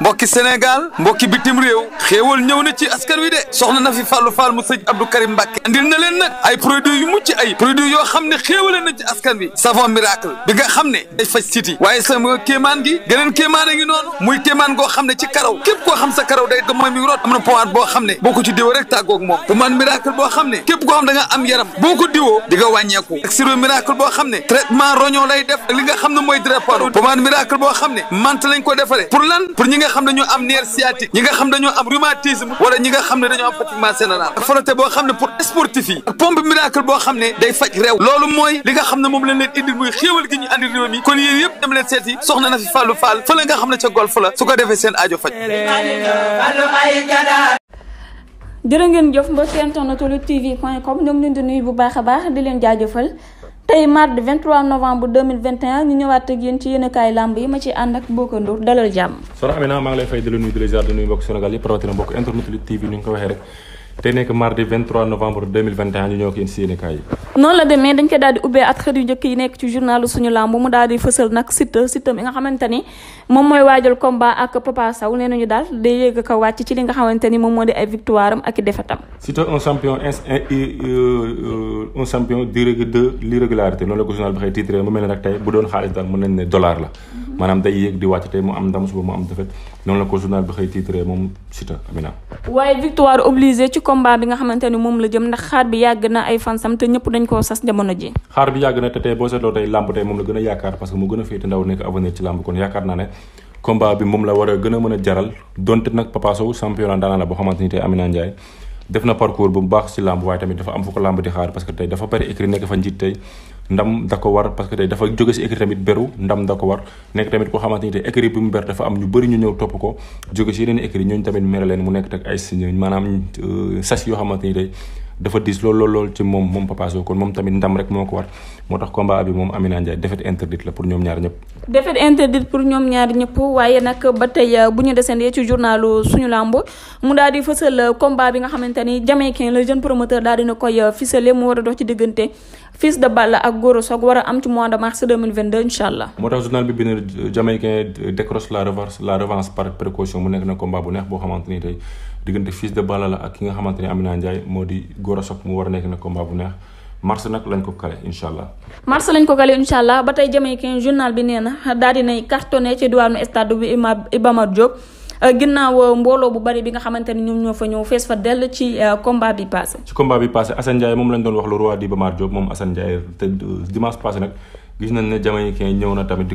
mbokki Sénégal mbokki bitim réew xéewal ñëw na ci askan wi de soxna na fi Fallou Fall mu sëj Abdou Karim Mbacke na leen nag ay produits yu mucc ay produits yoo xam ne xéewale na ci askan wi savon miracle bi nga xam ne day siti waaye sama kéemaan gi geneen kéemaan ngi noonu muy kéemaan goo xam ne ci karaw képp koo xam sa karaw day dama mi am na pommade boo xam ne boo ko ci diwoo xam ne képp koo xam da am yaram boo ko diwoo di nga wàññeeku miracle boo xam ne mooy nga xam ne ñoo am nerf sciatique ñi nga xam dañoo am rhumatisme wala ñi nga xam ne dañoo am fatiguement général ak frotté boo xam ne pour sportif yi ak pompe miracle boo xam ne day faj réew loolu mooy li nga xam ne moom lañ leen indil muy xéewal gi ñu andi réew mi kon yéen yëpp dem leen seeti soxna na fi fàllu fall fële nga xam ne ca golf la su ko defee seen aajo faj jërë ngeen jëf mbokk internet Lutte TV point com ñoo ngi leen di bu baax a baax di leen jaajëfal tey mardi 23 novembre ñëwaat ak yéen ci yéenekaay làmb yi ma ci ànd ak Boucar Ndour dalal jàmm. Soxna Amina maa ngi lay fay di la nuyu di la ziar di nuyu mbokk Sénégal yëpp internet TV ni nga ko waxee te nekk mardi 23 novembre 2021 ñu ñëw ko indi si yéenekaay yi. noonu la demee dañ ko daal di ubbee at xët yu njëkk yi nekk ci journalu suñu làmb mu daal di nag Siteu Siteu mi nga xamante ni moom mooy waajal combat ak Papa Sow nee daal day yéeg wàcc ci li nga xamante ni moom moo di ay victoire am ak i défaite un champion euh, un champion de l'irrégularité loolu la ko journal bi xëy titré mu mel ne nag tey bu doon xaalis daal mën nañ ne dollar la mhm. maanaam day yéeg di wàcc tey mu am ndam suba mu am défaite. noonu la ko journal bi xëy tiitre moom Siteu Amina. waaye victoire obligée ci combat bi nga xamante moom la jëm ndax xaar bi yàgg na ay fansam te ñëpp dañ koo sas jamono ji xaar bi yàgg na te tey boo seetloo tey làmb tey moom la gën a yaakaar parce que mu gën a féete ndaw nekk avenir ci làmb kon yaakaar naa ne combat bi moom la war a gën a mën a jaral donte nag Papa championnat daanaa la boo xamante ni tey Amina Ndiaye def na parcours bu baax ci fa njiit ndam da ko war parce que tey dafa jóge si écrit tamit beru ndam da ko war nekk tamit koo xamante ni tey écrit bi mu ber dafa am ñu bëri ñu ñëw topp ko jóge si yeneen écrit ñooñ tamit mere leen mu nekk teg ay maanaam euh, sas yoo xamante ni tey dafa diis lool lool lool ci moom moom Papa Sow kon moom tamit ndam rek moo ko war moo tax combat bi moom Amina Ndiaye défaite interdite la pour ñoom ñaar ñëpp. défaite interdite pour ñoom ñaar ñëpp waaye nag ba tey euh, bu ñu desandee ci journalu suñu làmb mu daal di fësal euh, combat bi nga xamante ni Jamaïcain le jeune promoteur daal dina koy euh, fësale mu war a dox ci diggante Fils de Balla ak Goro Sock war a am ci mois de mars 2022 incha allah. moo tax journal la revanche la revanche nekk na combat bu neex boo xamante ni diggante fils de Balla la ak ki nga xamante ne Amina Ndiaye moo di Gora Sock mu war a nekk na combat bu neex mars nag lañ ko kale incha allah. mars lañ ko kale incha allah ba tey jamaïcain journal bi nee na daal di nay cartonné ci diwaanu stade bi Iba Mar euh, ginnaaw euh, mbooloo bu bari bi nga xamante ne ñoom ñoo fa ñëw fees fa dell ci euh, combat bi passé. ci combat bi passé Assane Ndiaye moom lañ doon wax le roi di Iba moom Assane Ndiaye te dimanche passé nag. gis na tamit di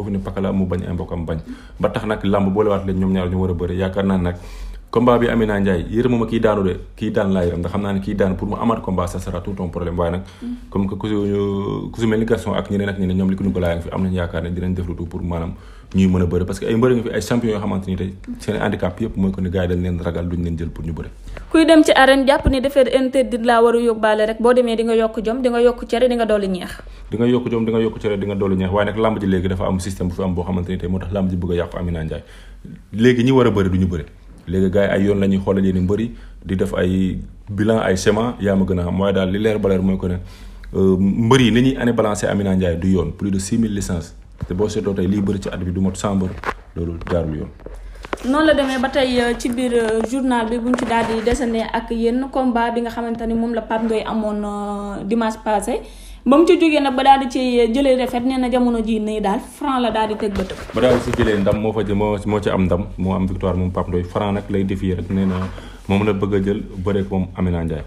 boo fi ne mu bañ ay mbokkam bañ ba tax nag làmb boolewaat leen ñoom ñaar ñu war a bëri yaakaar naa nag combat bi Amina Ndiaye yërëmu ma kii daanu de kii daan laa yërëm ndax xam naa ne kii daan pour mu amaat combat ça tout un problème waaye nag comme que ku su mel ni garçon ak ñeneen ak ñeneen ñoom li ku ñu ko laayang fi am nañ yaakaar ne dinañ def lu tout pour maanaam ñuy mën a bëri parce que ay mbëri nga fi ay champion yoo xamante tey seen handicap yëpp mooy ko ni gars yi dañ ragal duñ leen jël pour ñu bëri kuy dem ci arène jàpp ni defee interdit a di nga yokk jom di nga yokk a a bëri du def ay bilan ay schéma yaa ma gën a am waaye daal li leer ba leer mooy ko ne euh, mbëri yi ni ñuy année balancé Amina Ndiaye du yoon plus de 6000 licences te boo seetloo tey lii bëri ci at bi du mot sàmbar loolu jaarul yoon. noonu la demee ba tey euh, ci biir euh, journal bi buñ ci daal di desandi ak yenn combat bi nga xamante ni moom la Pape Ndoye amoon euh, dimanche passé ba mu ci jógee nag ba daal di ci jëlee rafet nee na jamono ji nii daal Franc la daal di teg bët. ba daal di si jëlee ndam moo ci am ndam moo am victoire moom Pape Ndoye Franc lay défier rek moom la bëgg a jël bëreeg moom Amina Ndiaye.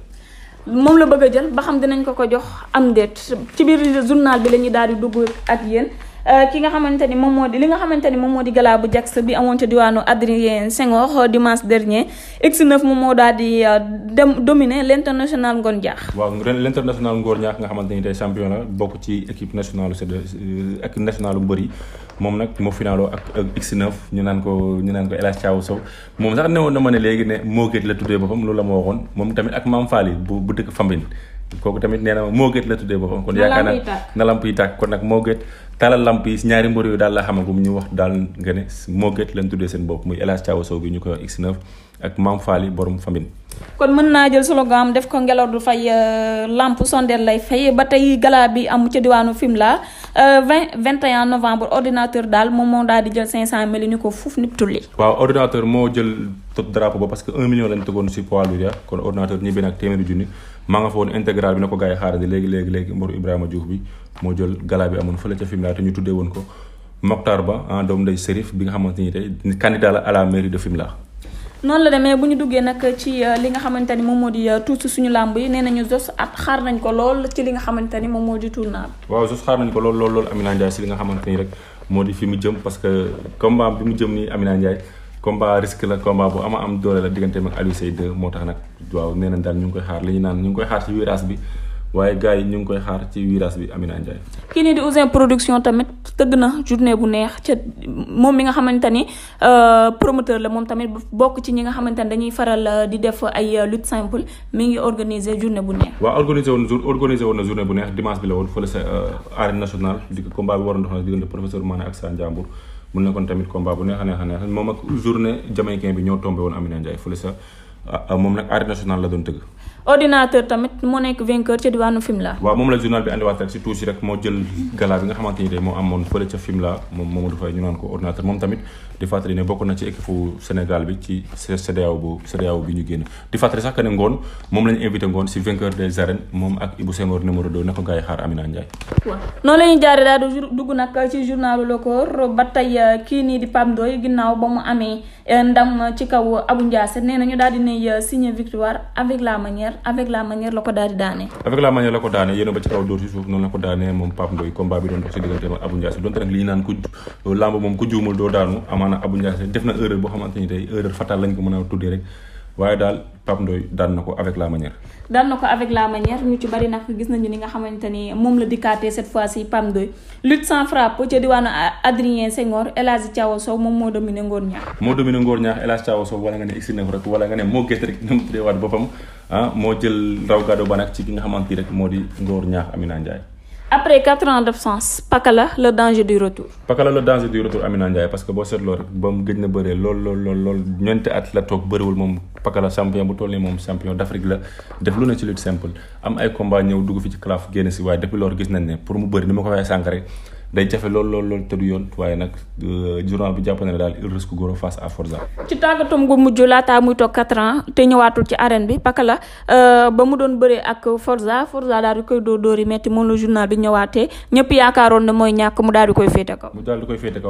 moom la bëgg a jël ba xam ko ko jox am déet ci biir bi la ñuy daal di dugg ak yéen. Euh, ki nga xamante ni moom moo di li nga xamante ni moom moo di galaa bu jax bi amoon ca diwaanu Adrien Senghor euh, dimanche dernier X9 moom moo daal di euh, dem dominer l' international Ngor Ndiakh. waaw l' international Ngor Ndiakh nga xamante ni tey champion la bokk ci équipe nationale c' équipe nationale mbër yi moom nag moo finaaloo ak X9 ñu naan ko ñu naan ko El Hadj Thiaw Sow moom sax newoon na ma ne léegi ne moo gét la tuddee boppam loolu la ma waxoon moom tamit ak Mame Fall bu bu dëkk Fambine. kooku tamit nee na moo gét la tuddee boppam kon yaakaar naa na lamp yi tàkk kon nag moo gét talal lamp yi ñaari mbër yu daal la xamagum ñu wax daal nga ne moo gét lañ tuddee seen bopp muy El Hadj Thiaw Sow gi ñu koy wax X9 ak maam Faly borom famine kon mën naa jël slogan def ko ngelaw du fay euh, lamp sondeel lay fay ba tey gala bi am ca diwaanu Fimela 20 euh, 21 ordinateur daal moom moo daal di jël 500 mille ni ko fuuf nit tulli. waaw ordinateur moo jël tot drapeau ba parce que 1 million lañ tegoon si poids lu kon ordinateur ñibbi nag téeméeri junni maa nga fa woon intégral bi na ko gars yi xaarandi léegi léegi léegi mbaru Ibrahima Diouf bi moo jël gala bi amoon ko Mokhtar ah, bi nga xamante ni tey candidat la à la noonu la demee bu ñu duggee nag ci euh, li nga xamante moom moo di euh, tuuti suñu làmb yi nee nañu Zoss at xaar nañ ko lool ci li nga xamante ni moom moo di tournoi bi. waaw Zoss xaar nañ ko lool lool lool Amina Ndiaye si li nga xamante ni rek moo fi mu jëm parce que combat bi mu jëm nii Amina Ndiaye combat risque la combat bu ama am doole la diggante ak Aliou Seye moo tax nag waaw nee nañ daal ñu ngi koy xaar li ñu naan ñu ngi koy xaar ci virage bi. waaye gars yi ñu ngi koy xaar ci virage bi Amina Ndiaye. kii nii di Ouzin production tamit tëgg na journée bu neex ca moom mi nga xamante ni euh, promoteur la moom tamit bokk ci ñi nga xamante ni dañuy faral euh, di def ay euh, lutte simple mi ngi organiser journée bu neex. waaw organiser woon jour organiser woon na journée neex dimanche bi la woon fële sa arène nationale di ko combat bi war a dox na diggante professeur Mané neex a neex moom ak journée jamaïcain bi ñoo tombé woon Amina Ndiaye fële sa moom nag arène nationale la doon tëgg. ordinateur tamit moo nekk vainqueur ca diwaanu Fimela. waaw moom la journal bi andiwaat rek si tuuti rek moo jël gala bi nga xamante ni day moo amoon fële ca Fimela moom Mamadou Faye ñu naan ko ordinateur moom tamit di fàttali ne bokk na ci équipe Sénégal bi ci CEDEAO bu CEDEAO bi ñu génn di fàttali sax que ne ngoon moom la invité ngoon si vainqueur des arènes moom ak Ibou Senghor numéro 2 na ko xaar Amina Ndiaye. noonu la ñuy euh, nii di euh, euh, victoire avec la manière avec la manière la ko daal avec la manière la ko daane yéen ba ci kaw dóor suuf noonu la ko daane moom Pape Ndoye combat bi doon dox si diggante ak Abou Ndiassé donte nag li naan ku lamb amaana Abou Ndiassé def na erreur boo xamante ni tey erreur fatale ko mën a tuddee rek waaye daal Pape Ndoye daan na ko avec la manière. ñu ci bari nag gis nañu ni nga xamante ni moom la dikkaatee cette fois ci Pape Ndoye lutte sans frappe ca diwaanu Adrien Senghor El Hadj Thiaw moom moo dominé Ngor Niakh. moo dominé Ngor Niakh El Hadj Thiaw Sow nga ne externe rek wala nga ne moo gëstu rek ñoom tuddee waat boppam ah, moo jël raw gàddu ba nag ci ki nga xamante rek moo di Ngor Niakh Amina après quatre ans d'absence Pakala le danger du retour. Pakala le danger du retour Amina Ndiaye parce que boo seetloo rek ba mu gëj na bëree lool lool lool lool ñeenti at la toog bëriwul moom Pakala champion bu toll nii moom champion d'Afrique la def lu ne ci lutte simple am ay combat ñëw dugg fi ci calaf génn si waaye depuis gis nañ ne pour mu bëri ni ma ko waxee sànq rek day jafe lool lool lool te du yoon waaye nag euh, journal bi jàpp na ne daal il risque gros face à Forza. ci tàggatam gu mujj laataa muy toog 4 ans te ñëwaatul ci arène bi Pakala euh, ba mu doon bëree ak Forza Forza daal di koy dóor dóor metti moom la journal bi ñëwaatee ñëpp yaakaaroon ne mooy ñàkk mu daal di koy féete kaw.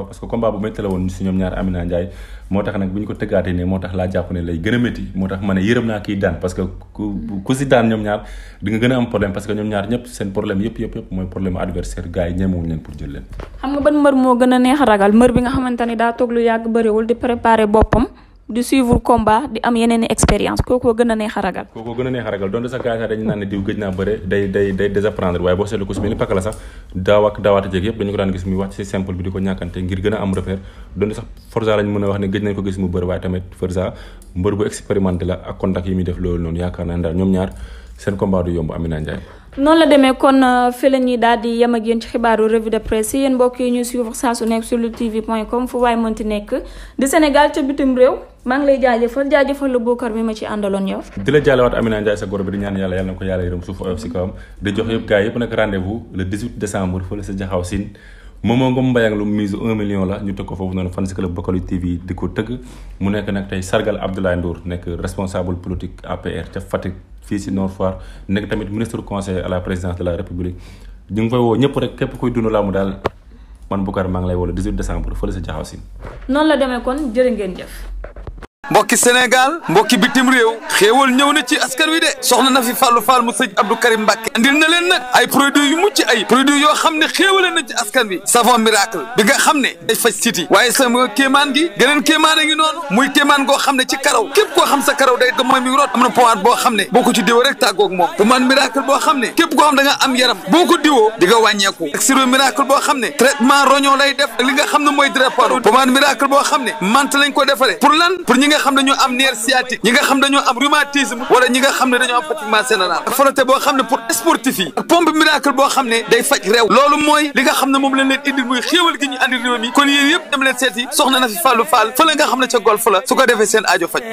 parce que combat bu métti la si ñoom ñaar Amina Ndiaye. moo tax nag bu ñu ko tëggaatee ne moo tax laa jàpp ne lay gën a métti moo tax ma ne yërëm naa kiy daan parce que ku ku si daan ñoom ñaar di nga a am problème parce que ñoom ñaar ñëpp seen problème yëpp yëpp mooy problème adversaire gars yi ñemewuñ leen pour jël xam nga ban mbër moo gën a neex ragal mbër bi nga xamante ni daa toog lu yàgg bëriwul di préparer boppam di suivre combat di am yeneen i expérience kookoo gën a neex a ragal kookoo gën a neex a ragal donte sax gars yi dañu naan ne diw gëj naa bëre day day day désapprendre waaye boo seetlu ko su mel ni sax daaw ak daawaata jéeg dañu ko daan gis muy wàcc si simple bi di ko ñàkkante ngir gën a am repère donte sax Forza lañ mën a wax ne gëj nañ ko gis mu bëre waaye tamit Forza mbër bu expérimenté la ak contact yi muy def loolu noonu yaakaar na ne daal ñoom ñaar seen combat du yomb Amina Ndiaye noonu la demee kon euh, fi la ñuy daal di yem ak yéen ci xibaaru revue de presse yi yéen mbokk yi ñu suivre saa su nekk sur luttetv.com fu waaye mënti nekk di Sénégal ca bitim réew maa ngi lay jaajëfal jaajëfal la bookar bi ma ci àndaloon yow di la jaalewaat Amina Ndiaye sa goro bi di ñaan yàlla yàlla na ko yàlla yërëm suuf oyof si kawam di jox yëpp gars yëpp nag rendez-vous le 18 décembre fële sa jaxaw siin Momo Ngom Mbaye lu mise un million la ñu teg ko foofu noonu fan si club Bakalu TV di ko tëgg mu nekk nag tey sargal Abdoulaye Ndour nekk responsable politique APR ca Fatick fii si Nord Foire nekk tamit ministre conseiller à la présidence de la République ñu ngi fay woo ñëpp képp kuy dund laa mu daal man Boucar maa ngi lay woo le 18 décembre fële sa jaxaw si noonu la demee kon jërë ngeen jëf mbokki Sénégal mbokki bitim réew xéewal ñëw na ci askan wi de soxna na fi Fallou Fall mu sëñ Abdou Karim Mbacke andil na leen nag ay produits yu mucc ay produits yoo xam ne xéewale na ci askan wi savon miracle bi nga xam ne day faj a ngi noonu muy kéemaan goo xam ne ci karaw képp koo xam sa karaw day damay mi rot am na pommade boo xam ne boo miracle boo xam ne képp koo xam da am yaram boo ko diwoo di nga wàññeeku miracle boo xam ne traitement roñon lay def li nga xam ne mooy drépano pommade miracle boo xam xam ne am nerf sciatique ñi nga xam dañoo am rhumatisme wala ñi nga xam ne dañoo am fatiguement général ak frotté boo xam ne pour sportif yi miracle boo xam ne day faj réew loolu mooy li nga xam ne moom lañ leen indil muy xéewal gi ñu andi réew mi kon yéen yëpp dem leen seeti soxna na fi fàllu faal fële nga xam ne ca golf la su ko defee seen aajo faj